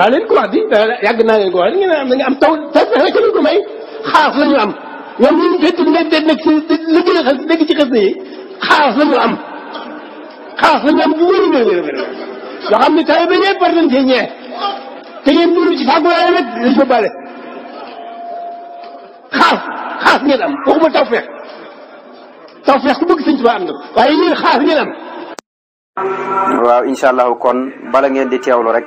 maa leen ko wax di yàgg naa leen ko wax ngeen am taw taw rek lañ ko may xaas la ñu am ñoom ñun fekk na dégg nag ci xas yi xaas la ñu am xaas la ñu am bu wér wér wér yoo xam ne taw bi ñëpp war nañ cee ñee te ngeen dund ci fàggu waaye nag dañ ko bale xaas xaas ngeen am waaw incha allah kon bala ngeen di teewlu rek.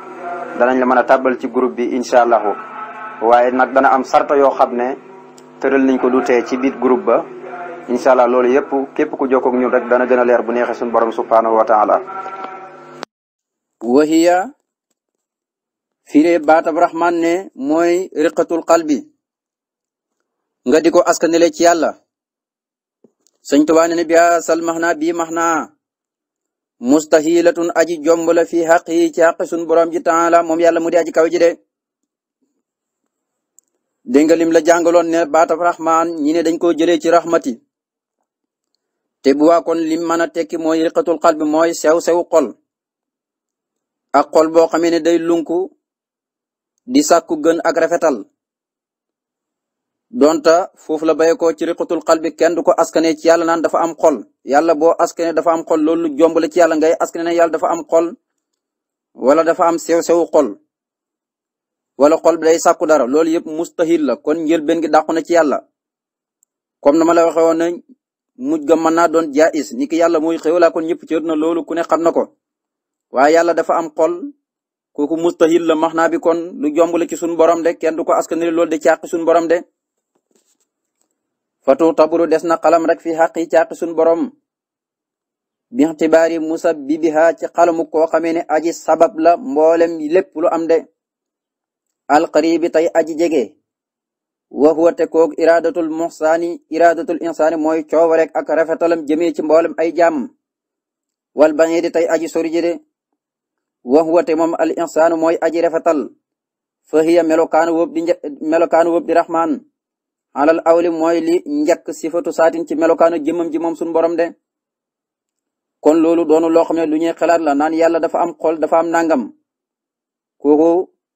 danañ la mën a tàbbal ci groupe bi incha allahu waaye nag dana am sarta yoo xam ne tëral nañ ko du tee ci biir groupe ba incha loolu yëpp képp ku jokkoog ñun rek dana gën a leer bu neexee suñu borom subhaanahu wa taala wahiya fiire baatab rahman ne mooy riqatul qalbi nga di ko askanele ci yàlla sëñ Tuubaa ne ne biya salmax naa bii mustahilatun aji jomb la fi xaq yi ci xaq sunu borom ji taala moom yàlla mu di aji kaw ji de. nga lim la jàngaloon ne baatab rahmaan ñi ne dañ koo jëlee ci rahmati. te bu waa kon lim mën a tekki mooy riqatul qalbi mooy sew sew xol. ak xol boo xamee ne day lunku di sàkku gën ak rafetal. donta foofu la béy ko ci riqatul qalbi kenn du ko askane ci yàlla naan dafa am xol yàlla boo askane dafa am xol loolu jomb la ci yàlla ngay askane ne yàlla dafa am xol wala dafa am sew-sewu xol wala xol bi day sàkku dara loolu yëpp mustahil la kon njëlbeen gi dàqu na ci yàlla comme na ma la waxee woon ne mujj ga mën naa doon jaayis ni ki yàlla mooy xéw laa kon ñëpp cër na loolu ku ne xam na ko waaye yàlla dafa am xol kooku mustahil la max naa bi kon lu jomb ci suñu borom de kenn du ko askan loolu de caaqi suñu borom de fatu taburu des na xalam rek fi xaqi caaqi sun borom bi ixtibaari musabbibiha ci xalamu koo xamee ne aji sabab la mboolem lépp lu am de alqaribi tey aji jege wa huwa te koog iradatul muhsaani iradatul insaani mooy coowa rek ak rafetalam jëmee ci mboolem ay jàmm wal bañeedi tey aji sori jëde wa huwa te moom al insaanu mooy aji rafetal fa hiya melokaanu wëb di melokaanu wëb di rahmaan alal awli mooy li njëkk sifatu saatin ci melokaanu jëmmam ji moom suñu borom de kon loolu doonu loo xam ne lu ñuy xalaat la naan yàlla dafa am xol dafa am nangam kooku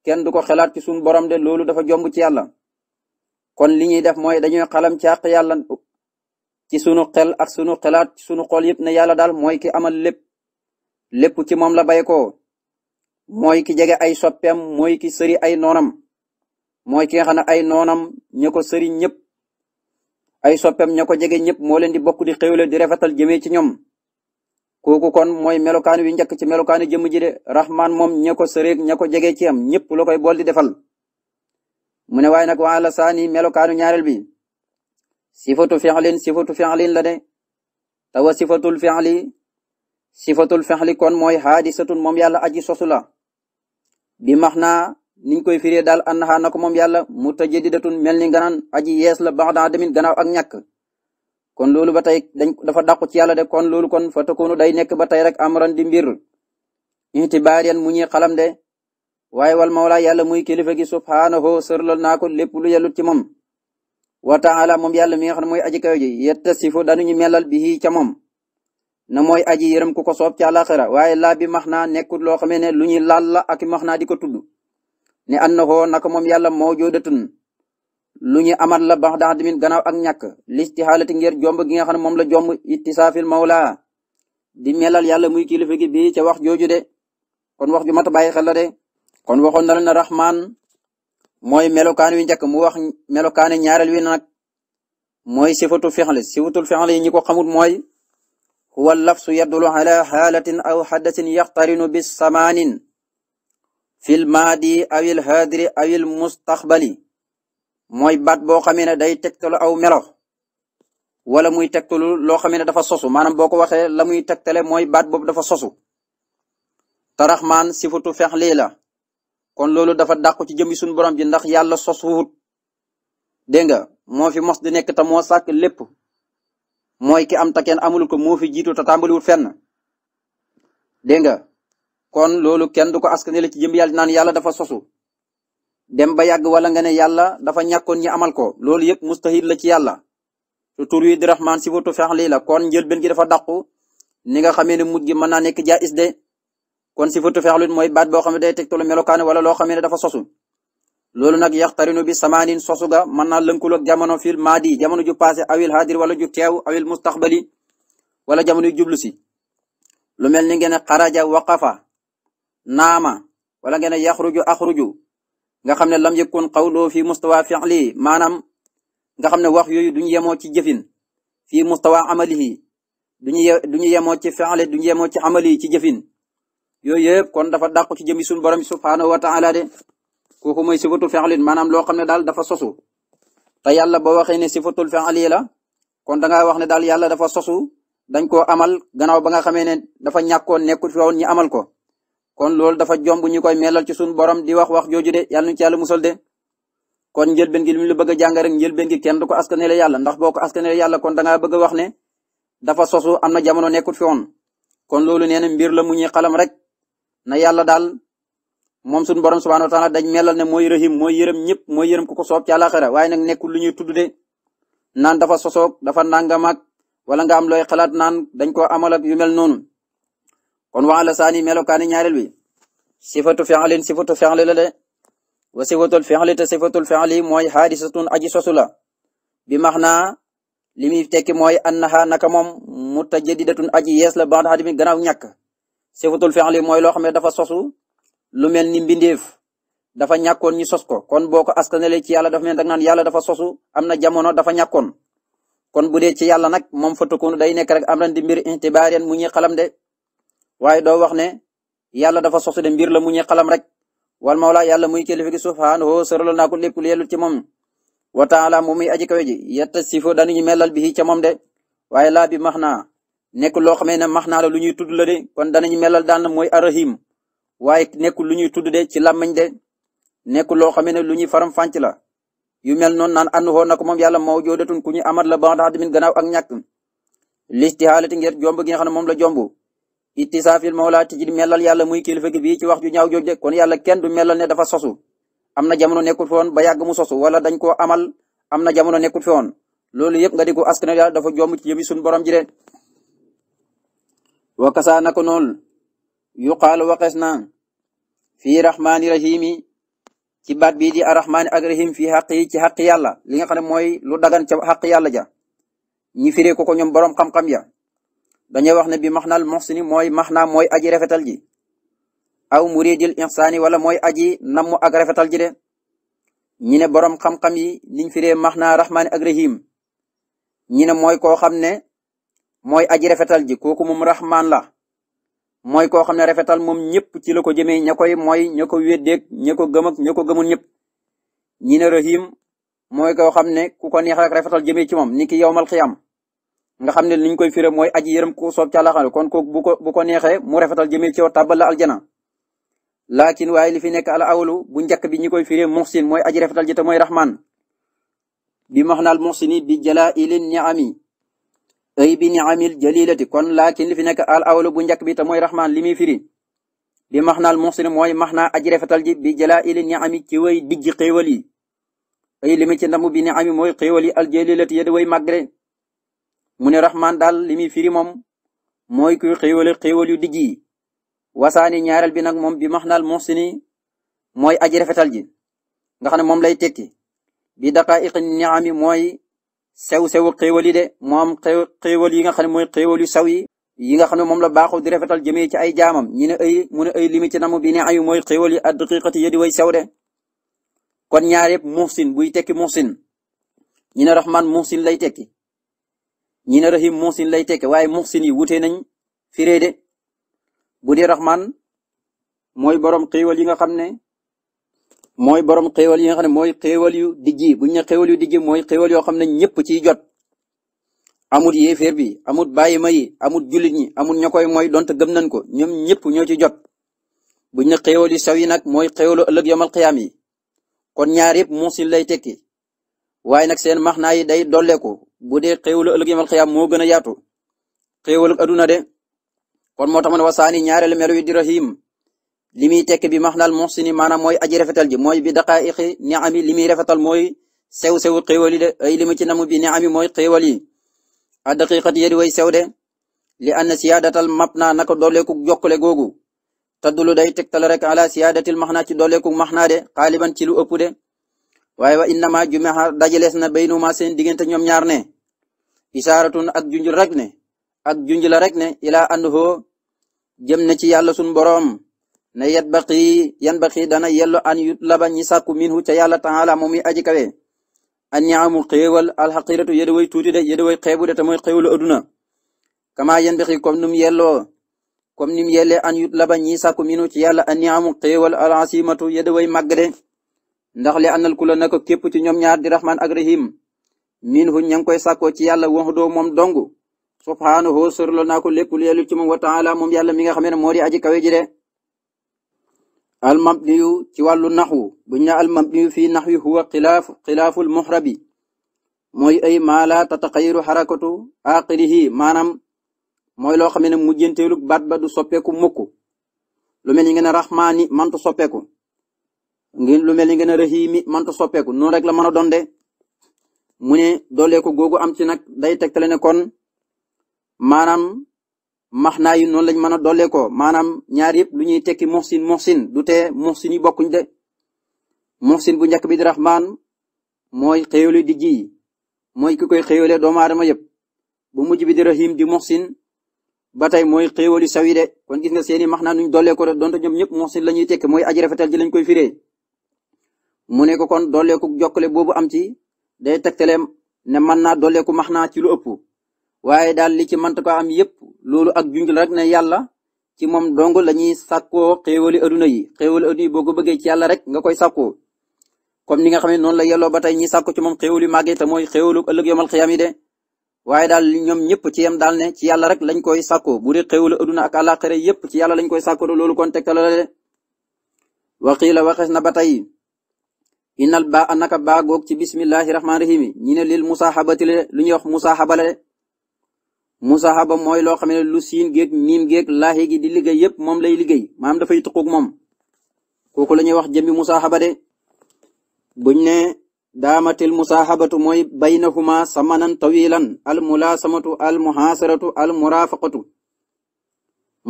kenn du ko xalaat ci suñu borom de loolu dafa jomb ci yàlla kon li ñuy def mooy dañuy xalam ci àq yàlla ci sunu xel ak sunu xalaat ci sunu xol yëpp ne yàlla daal mooy ki amal lépp lépp ci moom la bay ko mooy ki jege ay soppeem mooy ki sëri ay noonam mooy ki nga ay noonam ña ko sëriñ ñëpp ay sopem ña ko jege ñëpp moo leen di bokk di xéwle di rafetal jëmee ci ñoom kooku kon mooy melokaan wi njëkk ci melokaanu jëmm ji de rahmaan moom ña ko sëreeg ña ko jege ci am ñëpp la koy bool di defal. mu ne waaye nag waa la saani melokaanu ñaareel bi sifatu fi'lin sifatu fi'lin la de tawa sifatul fi'li sifatul fi'li kon mooy haadisatun moom yàlla aji sosu bi max niñ koy firee daal annaha na ko moom yàlla mutajaddidatun mel ni nga naan aji yees la baax daa demin gannaaw ak ñàkk kon loolu ba tey dañ dafa dàqu ci yàlla de kon loolu kon fa takunu day nekk ba tey rek amran di mbir itibaariyan mu ñuy xalam de waaye wal mawla yàlla muy kilifa gi subhaanahu sërlal naa ko lépp lu yellut ci moom wa taala moom yàlla mi nga xam ne mooy aji kayo ji yettasifu dañuñu melal bi ca moom na mooy aji yërëm ku ko soob ci àlaxira waaye laa bi max naa nekkul loo xamee ne lu ñuy laal la ak max naa di ko ne annahu naka moom yàlla mawjudatun lu ñu aman la bax dax dimin gannaaw ak ñàkk listihaalati ngir jomb gi nga xam ne moom la jomb ittisaafil mawla di melal yàlla muy kilifa gi bii ca wax jooju de kon wax ju mat a bàyyi xel de kon waxoon na la ne rahman mooy melokaan wi njëkk mu wax melokaan ñaareel wi nag mooy sifatu fexle sifatul fexle yi ñi ko xamut mooy huwa lafsu yadulu ala xaalatin aw xaddasin yaxtarinu bis samaanin fil maadi awil hadiri awil mustaqbali mooy baat boo xamee ne day tegtalu aw melo wala muy tegtalu loo xamee ne dafa sosu maanaam boo ko waxee la muy tegtale mooy baat boobu dafa sosu taraxmaan maan fex lii la kon loolu dafa dàqu ci jëmmi suñu borom ji ndax yàlla sosuwut dégg nga moo fi mos di nekk te moo sàkk lépp mooy ki am ta amulu ko moo fi jiitu te tàmbaliwut fenn dégg nga kon loolu kenn du ko askanale ci jëm yàlla naan yàlla dafa sosu dem ba yàgg wala nga ne yàlla dafa ñàkkoon ñi amal ko loolu yëpp mustahil la ci yàlla su tur wi di rahmaan sifatu fi'li la kon njëlbeen gi dafa dàqu ni nga xamee ne mujj gi mën naa nekk jaayis de kon si sifatu fi'li mooy baat boo xam ne day tegtalu melokaan wala loo xamee ne dafa sosu loolu nag yaxtarinu bi samaanin sosu ga mën naa lënkuloog jamono fil maadi jamono ju passé awil hadir wala ju teew awil mustaqbali wala jamono jublu si mel ni ngeen xaraja waqafa naama wala ngeen ne yaxruju axruju nga xam ne lam yakun qawloo fi mustawa fi'li maanaam nga xam ne wax yooyu duñu yemoo ci jëfin fii mustawa amalihi duñu ye duñu yemoo ci fi'li duñu yemoo ci amali ci jëfin yooyu yëpp kon dafa dàqu ci jëmi suñu borom subhaanahu wa taala de kooku mooy sifatul fi'lin maanaam loo xam ne daal dafa sosu yàlla boo waxee ne sifatul fi'li la kon da nga wax ne daal yàlla dafa sosu dañ ko amal gannaaw ba nga xamee ne dafa ñàkkoon nekkul fi woon ñi amal ko kon loolu dafa jomb ñu koy melal ci suñu borom di wax wax jooju de yàlla ñu ci yàlla musal de kon njëlbeen gi li mu la bëgg a jàng rek njëlbeen gi kenn du ko askanale yàlla ndax boo ko askanale yàlla kon da ngaa bëgg wax ne dafa sosu am na jamono nekkut fi woon kon loolu nee na mbir la mu ñuy xalam rek na yàlla daal moom suñu borom subhaanahu wa taala dañ melal ne mooy rahim mooy yërëm ñëpp mooy yërëm ku ko soob ci àllaaxira waaye nag nekkul lu ñuy tudd de naan dafa sosoog dafa nangam ak wala nga am looy xalaat naan dañ koo amal ak yu mel noonu kon waxal la saani melokaani ñaareel bi sifatu fi'lin sifatu fi'li la de wa sifatul fi'li te sifatul fi'li mooy xaadisatun aji sosu la bi max naa li muy tekki mooy annaha naka moom mutajaddidatun aji yees la ba'da hadimi gannaaw ñàkk sifatul fi'li mooy loo xam ne dafa sosu lu mel ni mbindeef dafa ñàkkoon ñu sos ko kon boo ko askanalee ci yàlla dafa mel nag naan yàlla dafa sosu am na jamono dafa ñàkkoon kon bu dee ci yàlla nag moom fa tukunu day nekk rek am ran di mbir intibaaryan mu ñuy xalam de waaye doo wax ne yàlla dafa soxsi de mbir la mu ñe xalam rek wal mawla yàlla muy kilifa gi subhaanahu sëralal naa ko lépp lu yellu ci moom wa taala mu muy aji kawe ji yetta sifo dañuy melal bi ca moom de waaye laa bi max naa nekk loo xamee ne max naa la lu ñuy tudd la de kon danañu melal daan la mooy arahim waaye nekkul lu ñuy tudd de ci làmmiñ de nekkul loo xamee ne lu ñuy faram fànc la yu mel noonu naan ànd xoo na ko moom yàlla moo joodatun ku ñu amat la ba nga tax tamit gannaaw ak ñàkk listihaalati ngir jomb gi nga xam ne moom la jomb ittisaafil mawla ci melal yàlla muy kilifa gi bii ci wax ju ñaaw jooju kon yàlla kenn du melal ne dafa sosu am na jamono nekkul fi woon ba yàgg mu sosu wala dañ koo amal am na jamono nekkul woon loolu yëpp nga di ko askan yàlla dafa jomm ci yëmi suñu borom ji de wa kasaa naka noonu yuqaalu waxees na fii rahmaani ci baat bii di arrahmaani ak rahim fii xaq yi ci xaq yàlla li nga xam ne mooy lu dagan ca xaq yàlla ja ñi firee ko ko ñoom borom xam-xam ya dañuy wax ne bi maxnaal muhsini mooy maxna mooy aji rafetal ji aw muridil ihsaani wala mooy aji namm ag rafetal ji de ñi ne borom xam-xam yi liñ firee maxnaa rahmaani ak rahim ñi ne mooy koo xam ne mooy aji rafetal ji kooku moom rahmaan la mooy koo xam ne rafetal moom ñëpp ci la ko jëmee ña koy mooy ña ko weddeeg ña ko gëm ak ña ko gëmul ñëpp ñi ne rahim mooy koo xam ne ku ko neex rek rafetal jëmee ci moom ni ki yowmal xiyaam nga xam ne liñ koy firi mooy aji yërëm ku soob ca kon kooku buko ko ko neexee mu rafetal jëmee ci yow tàbbal la aljana laakin waaye li fi nekk al awlu bu njëkk bi ñi koy firé muxsin mooy aji rafetal ji te mooy rahman bi maxnaal muxsini bi jalaailin niami ay bi niamil jalilati kon laakin li fi nekk al awlu bu njëkk bi te mooy rahman li muy firi bi maxnaal muxsini mooy maxnaa aji rafetal ji bi jalaailin niami ci way dijji xéewal yi ay limi ci ndamu bi niami mooy xéewal yi aljalilati yada way magre mu ne rahmaan daal li muy firi moom mooy kuy xéewale xéewal yu digg yi wasaani ñaareel bi nag moom bi max naal muhsini mooy aji rafetal ji nga xam ne moom lay tekki bi daqaa'iq ni'ami mooy sew-sew xéewal yi de moom xéewal yi nga xam ne mooy xéewal yu saw yi yi nga xam ne moom la baaxoo di rafetal jëmee ci ay jaamam ñi ne ay mu ne ay limi ci namu bi ne ayu mooy xéewal yi addaqiqati yadi way sew de kon ñaar yëpp muhsin buy tekki muhsin ñi ne rahmaan muhsin lay tekki ñi ne rahim muhsin lay tekke waaye muhsin yi wutee nañ firee de bu dee rahman mooy borom xéewal yi nga xam ne mooy borom xéewal yi nga xam ne mooy xéewal yu dijji bu ñu yu dijji mooy xéewal yoo xam ne ñëpp ciy jot amul yéeféer bi amul bàyyi ma yi amul julit ñi amul ña koy mooy donte gëm nañ ko ñoom ñëpp ñoo ci jot bu ñu ne yu saw yi nag mooy xéewalu ëllëg yomal xiyaam yi kon ñaar yëpp muhsin lay tekki waaye nag seen max yi day dolleeku bu dee xéewalu ëllëg yamal xiyaam moo gën a yaatu xéewalu aduna de kon moo tax ma ne wasaani ñaareelu melu wi di rahim li muy tekk bi maxnal muxsini maanaam mooy aji rafetal ji mooy bi daqaa'iqi ni'ami li muy rafetal mooy sew sew xéewal yi de ay li ma ci namu bi ni'ami mooy xéewal yi a daqiqat yedi way sew de li anna siyaadatal mabna naka dooleeku jokkale googu taddulu day tegtal rek ala siyaadatil maxna ci dooleeku maxna de xaaliban ci lu ëpp de waaye wa innama jumexa dajalees na baynuma seen diggante ñoom ñaar ne isaaratun ak junj rek ne ak junj la rek ne ilaa annahu jëm na ci yàlla sun boroom ne yat baqi yan baqi dana yello an yut laba ñi sàkku minhu ca yàlla taala moom mi aji kawe an ñaamu xéewal alxaqiratu yéda way tuuti de yéda way xeebu de te mooy xéewalu aduna kama yan baqi comme num yelloo comme nim yelle an yut laba ñi sàkku minhu ci yàlla an ñaamu xéewal alasimatu yéda way màgg de ndax li anal kula nako képp ci ñoom ñaar di rahman ak min hu ña koy sàkkoo ci yàlla wax doo moom dong subhaanahu sërlo naa ko lépp lu ci moom wa taala moom yàlla mi nga xam ne moo di aji kawe ji ci wàllu naxwu buñ ñaa almabniyu fii naxwi huwa xilaaf xilaaful muxrabi mooy ay maa la tataqayiru xarakatu aqirihi maanaam mooy loo xam ne mujjanteelu baat ba du soppeeku mukk lu mel ni ngeen a raxmaani mantu soppeeku ngeen lu mel ni ngeen a rahiimi mantu soppeeku noonu rek la mën a mu ne dooleeku googu am ci nag day tegtale ne kon maanaam maxnaa yi noonu lañ mën a dooleekoo maanaam ñaar yëpp lu ñuy tekki muxsin muxsin du tee muxsin bokkuñ de muxsin bu njëkk bi di raxmaan mooy xéewale di ji mooy ki koy xéewale doomu aadama yëpp bu mujj bi di rahim di muxsin ba tey mooy xéewali sawi de kon gis nga seeni maxnaa nuñ dooleekoo de donte ñoom ñëpp muxsin la ñuy tekki mooy aji rafetal ji lañ koy firee mu ne ko kon dooleeku jokkale boobu am ci day tegtaleem ne mën naa dolleeku max naa ci lu waaye daal li ci mënta ko am yépp loolu ak junjul rek ne yàlla ci moom dong la ñuy sàkkoo xéewali aduna yi xéewali aduna yi boo ko bëggee ci yàlla rek nga koy sàkkoo comme ni nga xam ne noonu la yelloo ba tey ñi sàkku ci moom xéewal yu màgg te mooy xéewalu ëllëg yomal xiyam yi de waaye daal ñoom ñëpp ci yem daal ne ci yàlla rek lañ koy sàkkoo bu dee xéewalu aduna ak àllaaxira yépp ci yàlla lañ koy sàkkoo loolu kon tegtal la de waxiila waxees na ba tey inal ba naka ba goog ci bismillahi rahmaani rahim ñi ne lil musaaxabati le lu ñuy wax musaaxaba le musaaxaba mooy loo xam ne lu siin géeg miim géeg laahi gi di liggéey yépp moom lay liggéey maam dafay tuquk moom kooku la ñuy wax jëmbi musaaxaba bu buñ ne daamatil musaaxabatu mooy baynahuma samanan tawilan al mulaasamatu al muhaasaratu al murafaqatu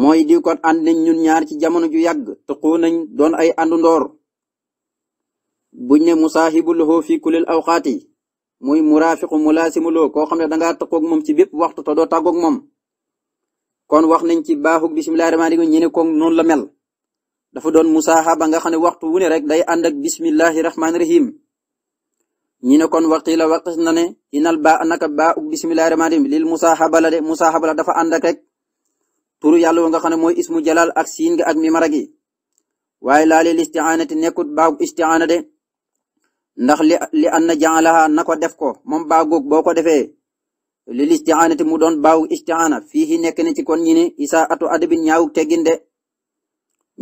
mooy di ko ànd ñun ñaar ci jamono ju yàgg tëqoo nañ doon ay àndu ndoor buñ ne musaahibul lahu fi kulil awqaati yi muy muraafiqu mulaasimu loo koo xam ne dangaa taqoog moom ci bépp waxtu te doo tàggoog moom kon wax nañ ci baaxug bismillahi rahmaani ñi ne noonu la mel dafa doon musaahaba nga xam ne waxtu wu ne rek day ànd ak bismillahi rahmaani rahim ñi ne kon waqila waqis na ne inal ba naka baaxug bismillahi rahmaani rahim lil musaahaba la de musaahaba la dafa ànd ak rek turu yàlla wo nga xam ne mooy ismu jalal ak siin nga ak mimara gi waaye laalee listiaanati nekkut baaxug istiaana de ndax li li an na jaalaha na ko def ko moom baa góog boo ko defee lil istiaanati mu doon baawu istiaana fii nekk na ci kon ñi ne isaa atu adabin ñaawuk teggin de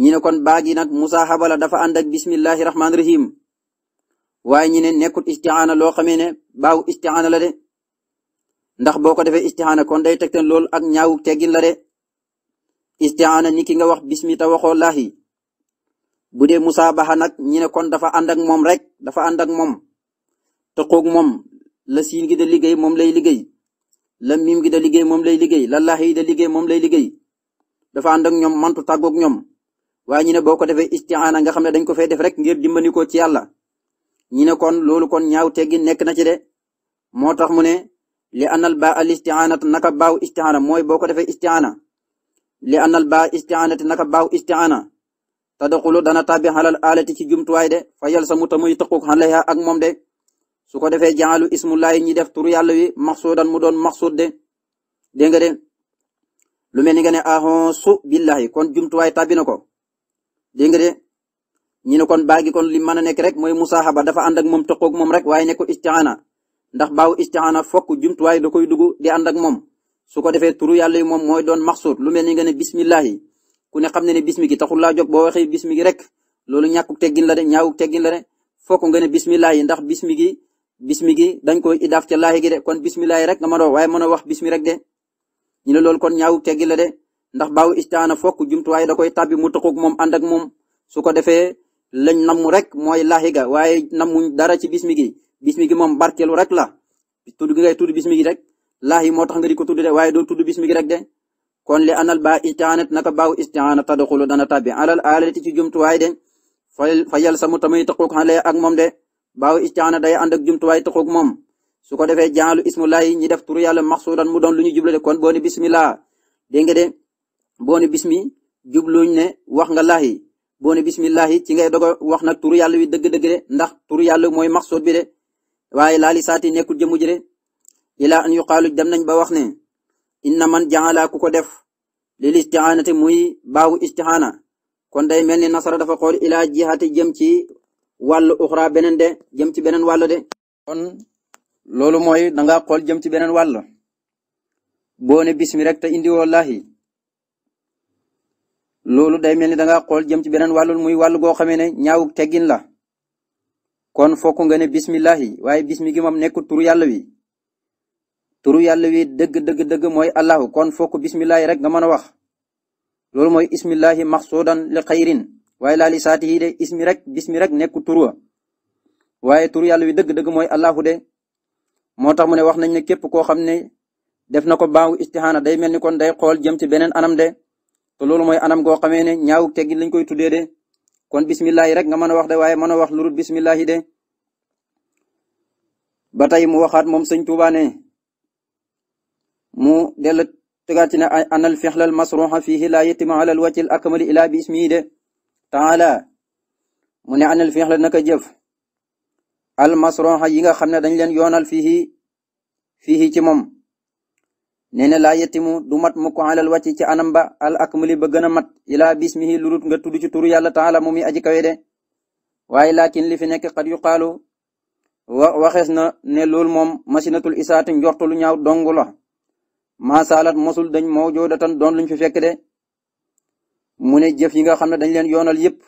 ñi ne kon baa gi nag musaahaba la dafa ànd ak bismillahi rahmaani rahim waaye ñi ne nekkul istiaana loo xamee ne baawu istiaana la de ndax boo ko defee istiaana kon day tegten loolu ak ñaawuk teggin la de istiaana ni ki nga wax bismi ta waxoo laahi bu dee baxa nag ñi ne kon dafa ànd ak moom rek dafa ànd ak moom tëqoog moom la siin gi da liggéey moom lay liggéey la miim gi da liggéey moom lay liggéey la lax yi da liggéey moom lay liggéey dafa ànd ak ñoom mantu tàggoog ñoom waaye ñu ne boo ko defee istiaana nga xam ne dañ ko fay def rek ngir dimbali ko ci yàlla ñi ne kon loolu kon ñaaw teggi nekk na ci de moo tax mu ne li anal ba al istiaanata naka baaw istiaana mooy boo ko defee istiaana li anal ba istiaanati naka baaw istiaana tadxulu dana tàbbi xalal alati ci jumtuwaay de fa yal sa mu ta muy tëquk xalaya ak moom de su ko defee jaalu ismullahi ñi def turu yàlla wi maxsuudan mu doon maxsuud de dégg nga de lu mel ni nga ne ahon su billahi kon jumtuwaay tàbbi na ko dégg nga de ne kon baagi kon li mën a nekk rek mooy musaahaba dafa ànd ak moom tëquk moom rek waaye nekkul istiaana ndax baaw istiaana fokk jumtuwaay da koy dugg di ànd ak moom su ko defee turu yàlla yi moom mooy doon maxsuud lu mel ni nga ne bismillahi ku ne xam ne ne bismi gi taxul laa jóg boo waxee bismi rek loolu ñàkkuk teggin la de ñaawuk teggin la de fokk nga ne bismillahi ndax bismi gi bismi dañ koy idaaf ca laahi gi de kon bismillahi rek nga mën a waaye mën a wax bismi rek de ñu ne loolu kon ñaawuk teggin la de ndax baawu istaana fokk jumtuwaay da koy tàbbi mu taxuk moom ànd ak moom su ko defee lañ namm rek mooy laahi ga waaye nammuñ dara ci bismi gi bismi gi moom barkeelu rek la tudd gi ngay tudd bismi gi rek laahi moo tax nga di ko tudd waaye doo tudd bismi kon li anal ba istianat naka baaw istiana tadxulu dana tabbi alal alati ci jumtuwaay de fa yal samu tamay taxuuk xale ak moom de baaw istiana day ànd ak jumtuwaay taxuuk moom su ko defee jaalu ismullahi ñi def turu yàlla maxsuudan mu doon lu ñu jublu de kon boo ne bismillah dégg nga de boo ne bismi jubluñ ne wax nga laahi boo ne bismillahi ci ngay dogo wax nag turu yàlla wi dëgg-dëgg de ndax turu yàlla mooy maxsuud bi de waaye laali saati nekkul jëmu ji de ila dem nañ ba wax ne ina man jaala ku ko def lil istihanati muy baawu istihana kon day mel ni nasara dafa xool ilaa jihati jëm ci wàllu uxra beneen de jëm ci beneen wàll de kon loolu mooy danga xool jëm ci beneen wàll boo ne bismi rek te indi wallahi loolu day mel ni danga xool jëm ci beneen wàll muy wàll goo xamee ne ñaawuk teggin la kon fokk nga ne bismillahi waaye bismi gi moom nekk turu yàlla wi turu yàlla wi dëgg dëgg dëgg mooy allahu kon fokk bismillahi rek nga mën a wax loolu mooy ismillahi maxsuudan li xayrin waaye laa li de ismi rek bismi rek nekk turu wa waaye turu yàlla wi dëgg dëgg mooy allahu de moo tax mu ne wax nañ ne képp koo xam ne def na ko baawu istixaana day mel ni kon day xool jëm beneen anam de te loolu mooy anam goo xamee ne ñaawu teggin lañ koy tuddee de kon bismillahi rek nga mën a wax de waaye mën a wax lurut bismillahi de ba tey mu waxaat moom sëñ mu dellu tegaat ci ne anal fixlal masruxa fihi laa yetimu alal wàccil akamali ilaa bi ismihi de taala mu ne anal fixla naka jëf al masruxa yi nga xam ne dañ leen yoonal fihi fihi ci moom nee na laa yetimu du mat mu wàcc ci anam ba al akamali ba gën a mat ilaa bi ismihi lu nga tudd ci turu yàlla taala mu mi aji kawe de waaye laakin li fi nekk xat yu na ne loolu moom masinatul isaati njortu lu ñaaw dong maasaalat mosul dañ mawjoodatan doon luñ fi fekk de mu ne jëf yi nga xam ne dañ leen yoonal yëpp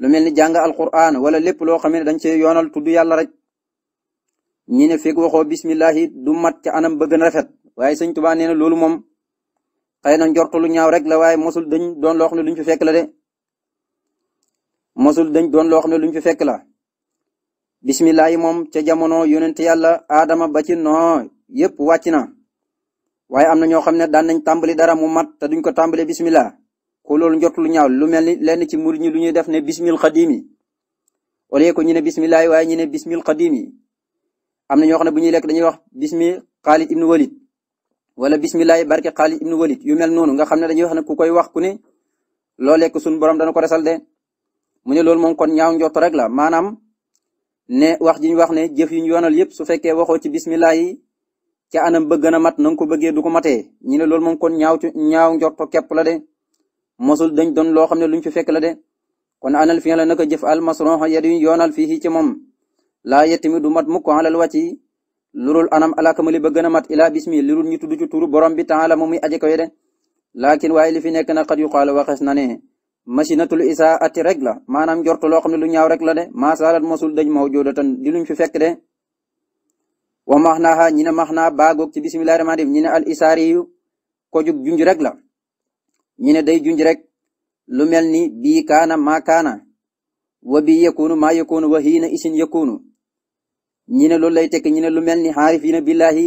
lu mel ni jàng alquran wala lépp loo xam ne dañ cee yoonal tudd yàlla rek ñi ne fekk waxoo bismillahi du mat ca anam ba gën rafet waaye sëñ Tuubaa nee na loolu moom xëy na njortu lu ñaaw rek la waaye mosul dañ doon loo ne luñ fi fekk la de mosul dañ doon loo xam ne luñ fi fekk la bismillahi moom ca jamono yonent yàlla Adama ba no noo yëpp wàcc na. waaye am na ñoo xam ne daan nañ tàmbali dara mu mat te duñ ko tàmbalee bismillah ko loolu njot lu ñaaw lu mel ni lenn ci murid ñi lu ñuy def ne bismil xadimi wala ko ñu ne bismillah waaye ñu ne bismil xadimi am na ñoo xam ne bu ñuy lekk dañuy wax bismi xaalid ibnu walid wala bismillah barke xaalid ibnu walid yu mel noonu nga xam ne dañuy wax ne ku koy wax ku ne loo lekk suñu borom dana ko resal de mu ne loolu moom kon ñaaw njott rek la maanaam ne wax ji ñu wax ne jëf yu ñu yoonal yëpp su fekkee waxoo ci bismillah yi ca anam ba na mat na ko bëggee du ko matee ñi ne loolu moom kon ñaaw ci ñaaw njorto képp la de mosul dañ doon loo xam ne luñ fi fekk la de kon anal fi la naka jëf al masroxa yadi yoonal fii ci moom laa yettami du mat mukk alal wàcci lurul anam alakamali ba gën a mat ilaa bismi lirul ñu tudd ci borom bi taala moom muy aje koy de laakin waaye li fi nekk na xat yu xaala waxees na ne machinatul isaa ati rek la maanaam njort loo xam ne lu ñaaw rek la de maasaalat mosul dañ mawjudatan di luñ fi fekk de wa max naa ñi ne max naa baagoog ci bisimilah rahmaani rahim ñi ne al isaari yu ko jug rek la ñi ne day junj rek lu mel ni bii kaana maa kaana wa bii yakunu maa yakunu wa hiina isin yakunu ñi ne loolu lay tekk ñi ne lu mel ni xaarifiina billahi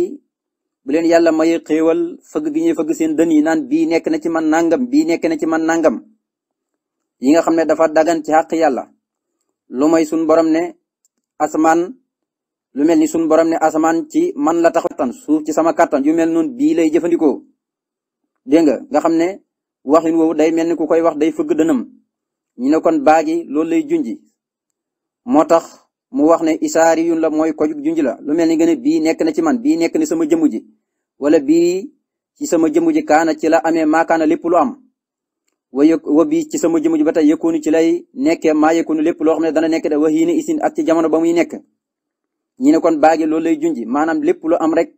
bu leen yàlla maye xéewal fëgg gi ñuy fëgg seen dën yi naan bii nekk na ci man nangam bii nekk na ci man nangam yi nga xam ne dafa dagan ci xàq yàlla lu may sun borom ne asmaan lu mel ni sunu borom ne asamaan ci man la tax tan suuf ci sama kattan yu mel noonu bii lay jëfandikoo dégg nga nga xam ne waxin woowu day mel ni ku koy wax day fëgg dënam ñu ne kon baagi loolu lay junji moo tax mu wax ne isaari yun la mooy kojug junj la lu mel ni nga ne bii nekk na ci man bii nekk na sama jëmm ji wala bii ci sama jëmm ji kaana ci la amee maakaana lépp lu am wa yë wa bii ci sama jëmm ji ba tey yëkkoonu ci lay nekkee maa yëkkoonu lépp loo xam ne dana nekk de waxiini isin ak ci jamono ba muy nekk ñi ne kon baagi loolu lay junji maanaam lépp lu am rek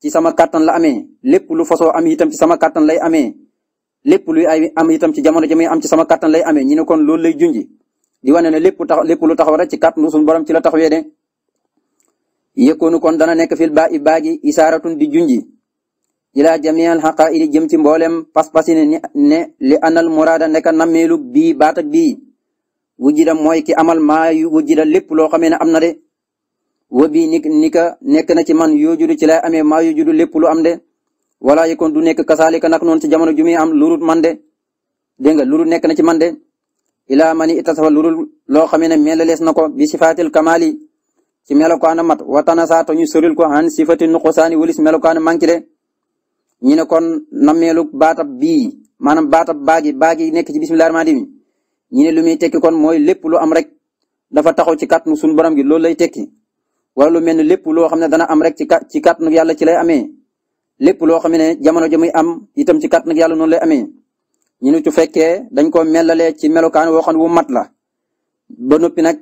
ci sama kattan la amee lépp lu fasoo am itam ci sama kattan lay amee lépp luy ay am itam ci jamono ja am ci sama kàttan lay amee ñi ne kon loolu lay junji di wane ne lépp tax lépp lu taxaw rek ci kàttanu borom ci la taxawee de yëkkoonu kon dana nekk fil baa i baagi di junji ila jamial xaqaidi jëm ci mboolem pas-pasi ne ne li anal muraada neka nammeelu bii baat ak bii wujjida mooy ki amal maa yu wujjida lépp loo xamee ne am na de wa bii ni ni ka nekk na ci man yoo judu ci lay ame maa yoo judu lépp lu am de wala kon du nekk ka nag noonu ci jamono ju muy am lurut man de dégg nga lurut nekk na ci man de ilaa mani itasafa lurul loo xamee ne melalees na ko bi sifaatil kamaali ci melokaana mat watana saa to ñu soril ko han sifati nuqusaani walis melokaana manki de ñi ne kon nammeelu baatab bii maanaam baatab baagi baagi nekk ci bismillahi rahmaani rahim ñi ne lu muy tekki kon mooy lépp lu am rek dafa taxaw ci kàttanu sunu borom gi loolu lay tekki wala lu mel ni lépp loo xam ne dana am rek ci kat ci kàttanu yàlla ci lay amee lépp loo xam ne jamono ji muy am itam ci kàttanu yàlla noonu lay amee ñu ne su fekkee dañ ko melalee ci melokaan woo xam ne wu mat la ba noppi nag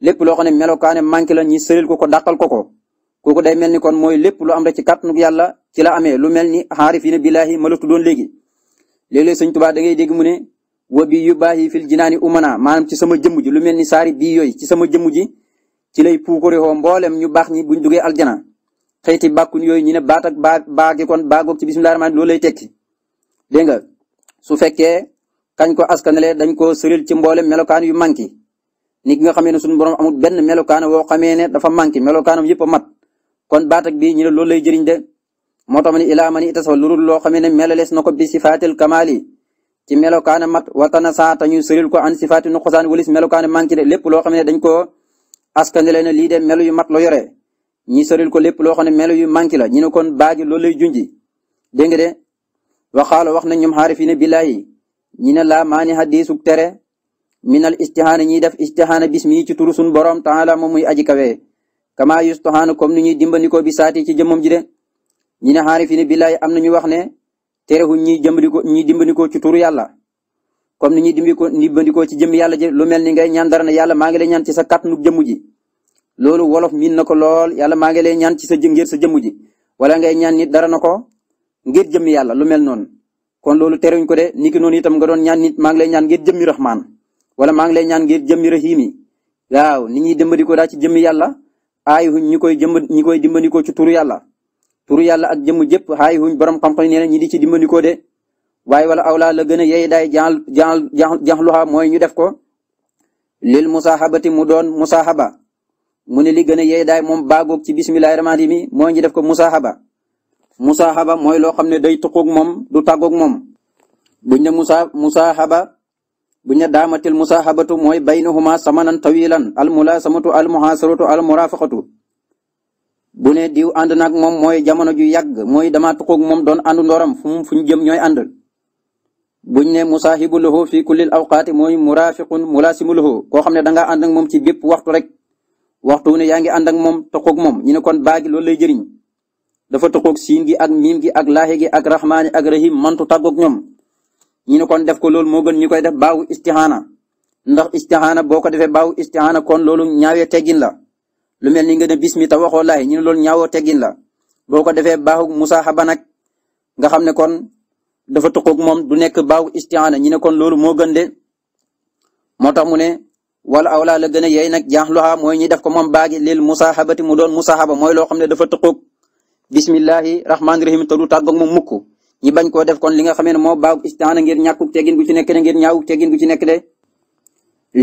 lépp loo xam ne melokaane manqué la ñi sëril ko ko dàqal ko ko kooku day mel ni kon mooy lépp lu am rek ci kàttanu yàlla ci la amee lu mel ni xaarif yi ne billaahi ma la tuddoon léegi léeg sañ sëñ Tuubaa da ngay dégg mu ne wa bi yu baax yi fil jinaani umana maanaam ci sama jëmm ji lu mel ni saari bii yooyu ci sama jëmm ji ci lay puukare woo mboolem ñu baax ñi buñ duggee aljana xëyti bàkkun yooyu ñu ne baat ak baa baagi kon baagoog ci bisimilah maan loolu lay tekki dégg nga su fekkee kañ ko askanale dañ koo sëril ci mboolem melokaan yu manqué nit ki nga xamee ne suñu borom amul benn melokaan woo xamee ne dafa manqué melokaanam yëpp a mat kon baat ak bii ñu ne loolu lay jëriñ de moo tax ma ne ilaa ma ni itasawal lurul loo xamee ne melalees na ko bi sifaatil kamaali ci melokaana mat watana saata ñu sëril ko an sifaati nuqsaan walis melokaana manqué de lépp loo xam ne dañ koo askan wi na lii de melu yu mat la yore ñi soril ko lépp loo xam ne melu yu manqué la ñu ne kon baagi loolu lay junji dégg nga de waxaala wax nañ ñoom xaarifiina billaahi ñi ne laa maani hadiisuk tere minal istihaana ñiy def istihaana bismi ci turu sun borom taala moom muy aji kawe kama yustahaana comme ni ñuy dimbandikoo bi saati ci jëmmam ji de ñi ne xaarifiina billaahi am na ñu wax ne tere hu ñiy jëmbandikoo ñiy dimbandikoo ci turu yàlla comme ni ñuy dimbandikoo dimbandikoo ci jëm yàlla ji lu mel ni ngay ñaan dara ne yàlla maa ngi lay ñaan ci sa kàttanu jëmm ji loolu wolof miin na ko lool yàlla maa ngi lay ñaan ci sa ngir sa jëmm ji wala ngay ñaan nit dara na ko ngir jëm yàlla lu mel noonu kon loolu terewuñ ko de niki noonu itam nga doon ñaan maa ngi lay ñaan ngir jëmmi rahmaan wala maa ngi lay ñaan ngir jëmmi rahimi waaw ni ñuy dimbandikoo daal ci jëmmi yàlla aayuñ ñi koy jëm ñi koy dimbandikoo ci turu yàlla turu yàlla ak jëmm jëpp aayuñ borom xam-xam ñi di ci dimbandikoo de waaye wala awla la gën a yey daay jaal jaal jaxluha mooy ñu def ko lil musahabati mu doon musahaba mu ne li gën a yey daay moom baagoog ci bismillah rahmaani rahim mooy ñu def ko musahaba musahaba mooy loo xam ne day tuqoog moom du tàggoog moom buñ ne musa musahaba buñ ne daamatil musahabatu mooy baynahuma samanan tawilan al mulasamatu al muhasaratu al murafaqatu bu ne diw ànd nag moom mooy jamono ju yàgg mooy dama tuqoog moom doon àndu ndoram fu ñu jëm ñooy ànd buñ ne musaahibu lahu fi kulli awqaati mooy muraafiqun mulaasimu lahu koo xam ne dangaa ànd ak moom ci bépp waxtu rek waxtu ne yaa ngi ànd ak moom toqoog moom ñu ne kon baagi loolu lay jëriñ dafa toqoog siin gi ak miim gi ak laahi gi ak rahmaani ak rahim mantu tàggoog ñoom ñu ne kon def ko loolu moo gën ñu koy def baawu istixaana ndax istixaana boo ko defee baawu istixaana kon loolu ñaawee teggin la lu mel ni nga ne bismi ta waxoo laahi ñu ne loolu ñaawoo teggin la boo ko defee baawu musaaxaba nag nga xam ne kon dafa tëqoog moom du nekk baaw istiaana ñi ne kon loolu moo gën de moo tax mu ne wala awlaa la gën a yey nag jaaxluha mooy ñi def ko moom baagi lil musahabati mu doon musahaba mooy loo xam ne dafa tëqoog bismillahi rahmaani rahim te du tàggoog moom mukk ñi bañ koo def kon li nga xamee ne moo baaw istiaana ngir ñàkkuk teggin gu ci nekk de ngir ñaawuk teggin gu ci nekk de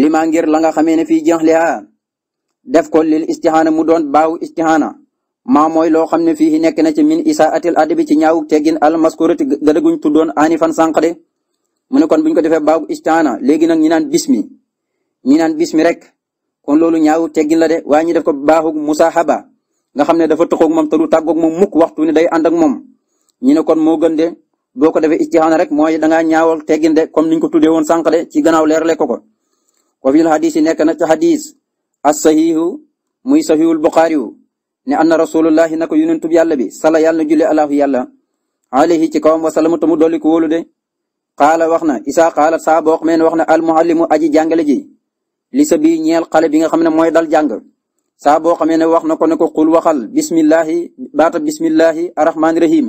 lima ngir la nga xamee ne fii jeexliha def ko lil istiaana mu doon baaw istiaana maa mooy loo xam ne fii nekk na ci issa isaatil adabi ci ñaaw teggin al maskurati gadaguñ tuddoon ani fan sànq de mu ne kon buñ ko defee baagu istaana léegi nag ñi naan bismi ñi naan bismi rek kon loolu ñaaw teggin la de waaye ñi def ko baaxug musahaba nga xam ne dafa toxoog moom te du tàggoog moom mukk waxtu ne day ànd ak moom ñi ne kon moo gën de boo ko defee istihaana rek mooy dangaa ñaawal teggin de comme niñ ko tuddee woon sànq de ci gannaaw leerle ko ko ko fil xadis yi nekk na ci xadis as sahihu muy sahihul buxaari ne anna rasulullahi na ko yonentub yàlla bi sala yàlla na julli alaahu yàlla alayhi ci kawam wa salama tamu dolli ko wóolu de xaala wax na isaa xaala saa boo xamee ne wax na almuallimu aji jàngale ji li sa bii ñeel xale bi nga xam ne mooy dal jàng saa boo xamee ne wax na ko ne ko xul waxal bismillahi baata bismillahi arrahmaani rahim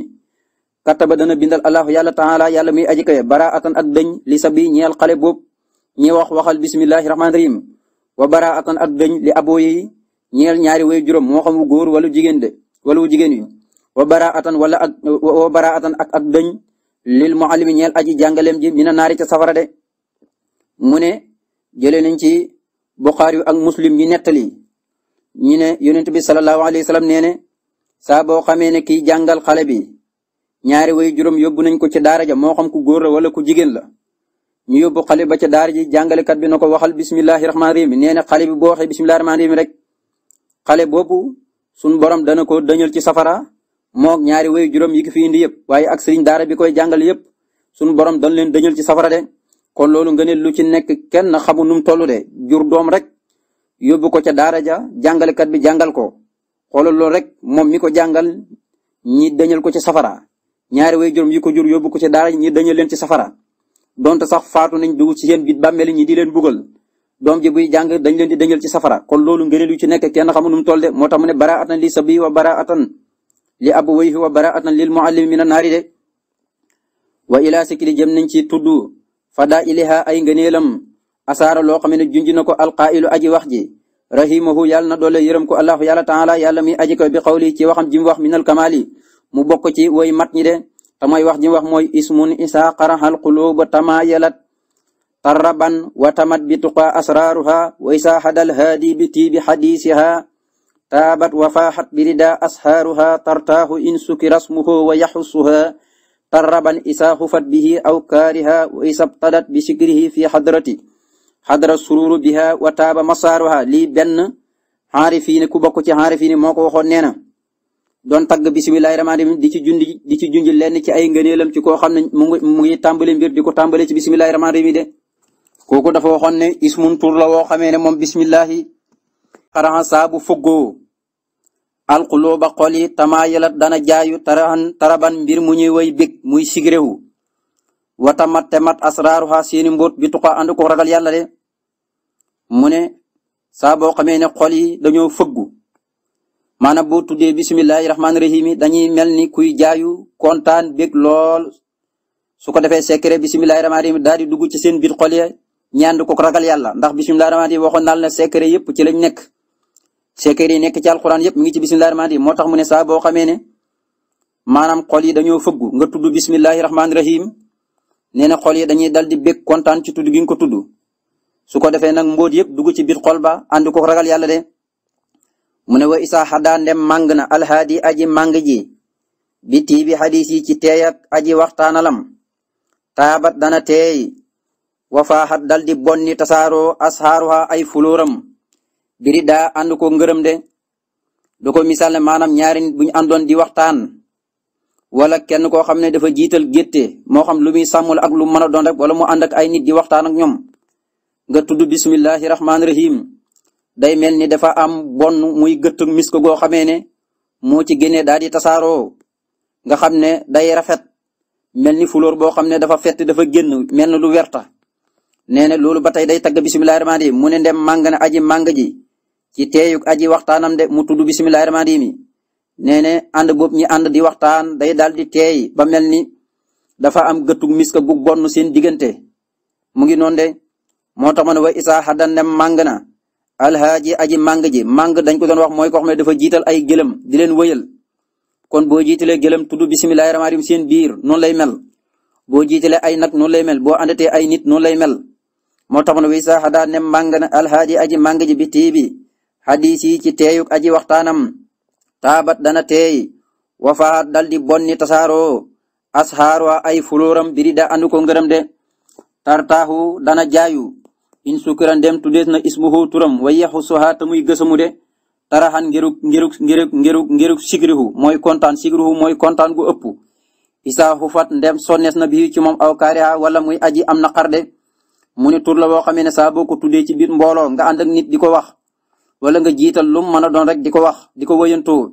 ba dana bindal allahu yàlla taala yàlla muy aji kawe baraatan ak dëñ li sa bii ñeel xale boobu ñi wax waxal bismillahi rahmaani wa baraatan ak dëñ li ñeel ñaari way juróom moo xam wu góor wala jigéen de wala wu jigéen wi wa atan wala ak wa baraatan ak ak dëñ lil muallimi ñeel aji jàngaleem ji mina naari ca safara de mu ne jëlee nañ ci buxaari ak muslim yi nettali ñu ne yonent bi sallallahu alayhi wa sallam nee ne saa boo xamee ne kiy jàngal xale bi ñaari way juróom yóbbu nañ ko ci daara ja moo xam ku góor la wala ku jigéen la ñu yóbbu xale ba ca daara ji jàngalekat bi na ko waxal bismillahi rahmaani rahim nee ne xale bi boo waxee bismillahi rahmaani rek xale boobu sunu borom dana ko dañal ci safara moog ñaari wéy juróom yi ki fi indi yëpp waaye ak sëriñ daara bi koy jàngal yëpp sunu borom dañ leen dañal ci safara de kon loolu nga ne lu ci nekk kenn xamu num tollu de jur doom rek yóbbu ko ca daara ja jàngalekat bi jàngal ko xoolal loolu rek moom mi ko jàngal ñi dañal ko ci safara ñaari wéy juróom yi ko jur yóbbu ko ca daara ñi dañal leen ci safara donte sax faatu nañ dugg ci seen biit bàmmeel ñi di leen bugal doom ji buy jàng dañ leen di dëngal ci safara kon loolu ngëneel yu ci nekk kenn xamul nu mu toll de moo tax mu ne baraatan li sabi wa baraatan li abawayhi wa baraatan li muallimi mina naari de wa ila sikri jëm nañ ci tudd fada iliha ay ngëneelam asaara loo xam ne junj na ko alqaa'ilu aji wax ji rahimahu yàlla na doole yërëm ko allahu yàlla taala yàlla mi aji ko bi xawli ci waxam ji mu wax minal kamaali mu bokk ci way mat ñi de te mooy wax ji mu wax mooy ismun isa qaraxal quluba tamayalat قربا وتمت بتقى أسرارها ويساحد الهادي بتيب حديثها تابت وفاحت بردا أسهارها ترتاه إن سكر اسمه ويحصها قربا إسا خفت به أو كارها وإسا ابتدت بشكره في حضرتي حضر السرور بها وتاب مسارها لي بن عارفين كبكتي عارفين موكو خنينا doon tagg bisimilahi rahmaani rahim di ci junj di ci junj lenn ci ay ngëneelam ci koo xam ne mu ngi mu ngi tàmbali mbir di ko tàmbale ci bisimilahi rahmaani rahim de kooku dafa waxoon ne ismun tur la woo xamee ne moom bismillahi xaraxan saa bu foggoo alxuluuba xol yi tamaayalat dana jaayu taraxan taraban mbir mu ñuy way bég muy sigréwu wata mat te mat asraaruha seeni mbóot bi tuqa ànd ko ragal yàlla de mu ne saa boo xamee ne xol yi dañoo fëggu maanaam boo tuddee bismillahi rahmaani rahim dañuy mel ni kuy jaayu kontaan bég lool su ko defee secret bismillahi rahmaani rahim daal di dugg ci seen biir xol ñaan ko ragal yàlla ndax bisimilah rahmaani rahiim waxoon naal ne secret yëpp ci lañ nekk secret yi nekk ci alxuraan yëpp mu ngi ci bisimilah moo tax mu ne saa boo xamee ne maanaam xol yi dañoo fëgg nga tudd bisimilahi rahmaani rahiim nee na xol yi dañuy dal di bég kontaan ci tudd gi nga ko tudd su ko defee nag mbóot yëpp dugg ci biir xol ba ànd ko ragal yàlla de mu ne wa isa xadaa ndem màng na alhaadi aji màng ji bi tiibi xadiis yi ci teey ak aji waxtaanalam taabat dana teey wafaaxat dal di bon bonni tasaaroo asxaaruha ay fulóoram biri daa ànd ko ngërëm de du ko misaal ne maanaam ñaari nit àndoon di waxtaan wala kenn koo xam ne dafa jiital gétte moo xam lu muy sàmmul ak lu mën a doon rek wala mu ànd ak ay nit di waxtaan ak ñoom nga tudd bismillahi rahmaani rahim day mel ni dafa am bonn muy gëtt misko goo xamee ne moo ci génnee daal di tasaaroo nga xam ne day rafet mel ni fulóor boo xam ne dafa fett dafa génn mel ni lu werta nee na loolu ba tey day tagg bisimilahi rahmaani rahim mu ne ndem màng na aji màng ji ci teeyug aji waxtaanam de mu tudd bisimilahi rahmaani rahim nee na ànd boobu ñi ànd di waxtaan day daal di teey ba mel ni dafa am gëttug miska gu bonn seen diggante mu ngi noonu de moo tax ma ne wa isa xadan ndem màng na alhaaji aji màng ji màng dañ ko doon wax mooy koo xam dafa jiital ay gëlëm di leen wëyal kon boo jiitalee gëlëm tudd bisimilahi rahmaani rahim seen biir noonu lay mel boo jiitalee ay nag noonu lay mel boo àndatee ay nit noonu lay mel moo tax nu wisa xadaa ne màng na alxaaji aji màng ji bi tiibi xadiis ci teeyuk aji waxtaanam taabat dana teey wafaat dal di bonni tasaaroo asxaar wa ay fulooram birida andu de tartaaxu dana jaayu in sukura ndem tudees na ismuhu turam wa yaxu soha ta muy gësamu de taraxan ngiruk ngiruk mooy kontaan sikrihu mooy kontaan gu ëpp isaa xufat ndem sonnees na biyu ci moom aw kaariha wala muy aji am naqar de mu ne tur la boo xamee ne saa boo ko tudde ci biir mbooloo nga ànd ak nit di ko wax wala nga jiital lum mën a doon rek di ko wax di ko wëyantoo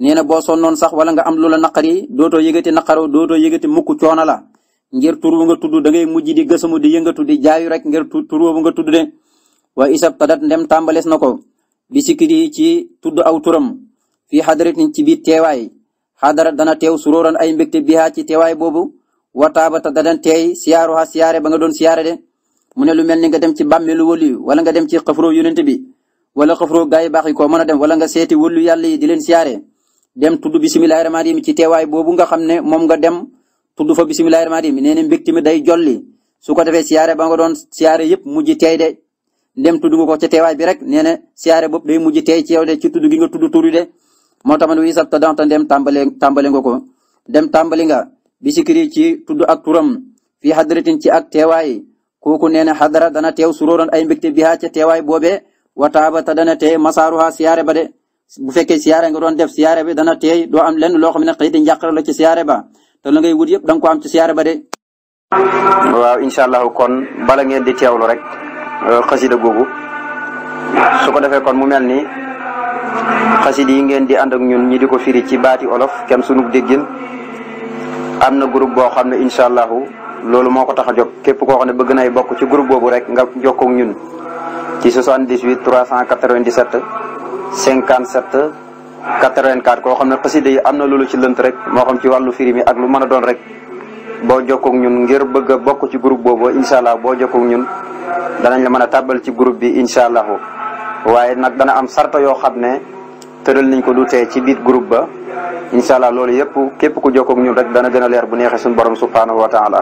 nee na boo sonnoon sax wala nga am lu la naqari dootoo yëgati naqaroo dootoo yëgati mukk coono la ngir tur bu nga tudd da ngay mujj di gësamu di yëngatu di jaayu rek ngir tur bu nga tudd de wa isab tadat ndem tàmbalees na ko bi sikiri ci tudd aw turam fii xadaratin ci biir teewaay xadara dana teew suróoran ay mbégte bihaa ci teewaay boobu wa taabata dadan teey siyaaruha siyaare ba nga doon siyaare de mu ne lu mel ni nga dem ci bàmmeelu waliyu wala nga dem ci xafro yonent bi wala xafro gaa yi baax yi koo mën a dem wala nga seeti wëllu yàlla yi di leen siyaare dem tudd bisimilahi rahmaani rahim ci teewaay boobu nga xam ne moom nga dem tudd fa bisimilahi rahmaani rahim nee na mbégte mi day jolli su ko defee siyaare ba nga doon siyaare yëpp mujj tey de dem tudd nga ko ca teewaay bi rek nee na siyaare boobu day mujj tey ci yow de ci tudd gi nga tudd turu de moo tax man wi sab ta danta dem tàmbale tàmbale nga ko dem tàmbali nga bisikiri ci tudd ak turam fii hadratin ci ak teewaay kooku nee na xadara dana teew suróoran ay mbégte bihaa ca teewaay boobee wataaba ta dana teey masaaruha siyaare ba de bu fekkee siyaare nga doon def siyaare bi dana teey doo am leen loo xam ne xëyti njàqar la ci siyaare ba te la ngay wut yëpp danga ko am ci siyaare ba de waaw incha allahu kon bala ngeen di teewlu rek euh, xasida googu su ko defee kon mu mel ni xasida yi ngeen di ànd ak ñun ñiidi ko firi ci baati olof kenn sunug déggin am na groupe boo xam ne incha allahu loolu moo ko tax a jóg képp koo xam ne bëgg nay bokk ci group boobu rek nga jokkoo ak ñun ci 78 397 57 84 koo xam ne xasida yi am na loolu ci lënt rek moo xam ci wàllu firi ak lu mën a doon rek boo jokkoo ak ñun ngir bëgg a bokk ci groupe boobu incha allah boo jokkoo ak ñun danañ la mën a tàbbal ci group bi incha allahu waaye nag dana am sarta yoo xam ne tëral nañ ko du tee ci biir groupe ba incha loolu yëpp képp ku jokkoog ñun rek dana gën a leer bu neexee suñu borom subhanahu wa taala